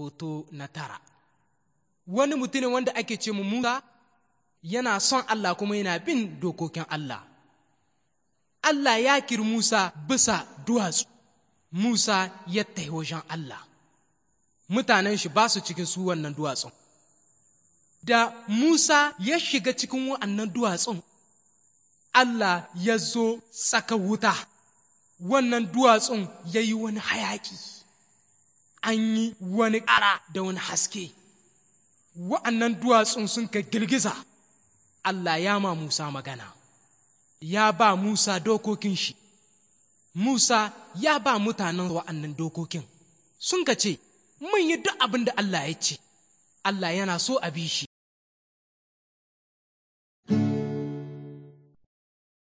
hoto na tara wani mutumin wanda ake ce mu Musa yana son Allah kuma yana bin dokokin Allah Allah ya kiri Musa bisa duwatsu Musa ya tahi wajen Allah mutanen shi ba su cikin su wannan duwatsu da Musa ya shiga cikin wa'annan duwatsun Allah ya zo tsaka wuta wannan duwatsun ya yi wani hayaki an yi wani ƙara da wani haske wa'annan duwatsun sun ka girgiza Allah ya ma Musa magana ya ba Musa dokokin shi Musa ya ba mutanen wa'annan dokokin sun ka ce mun yi duk abin da Allah ya ce Allah yana so a bi shi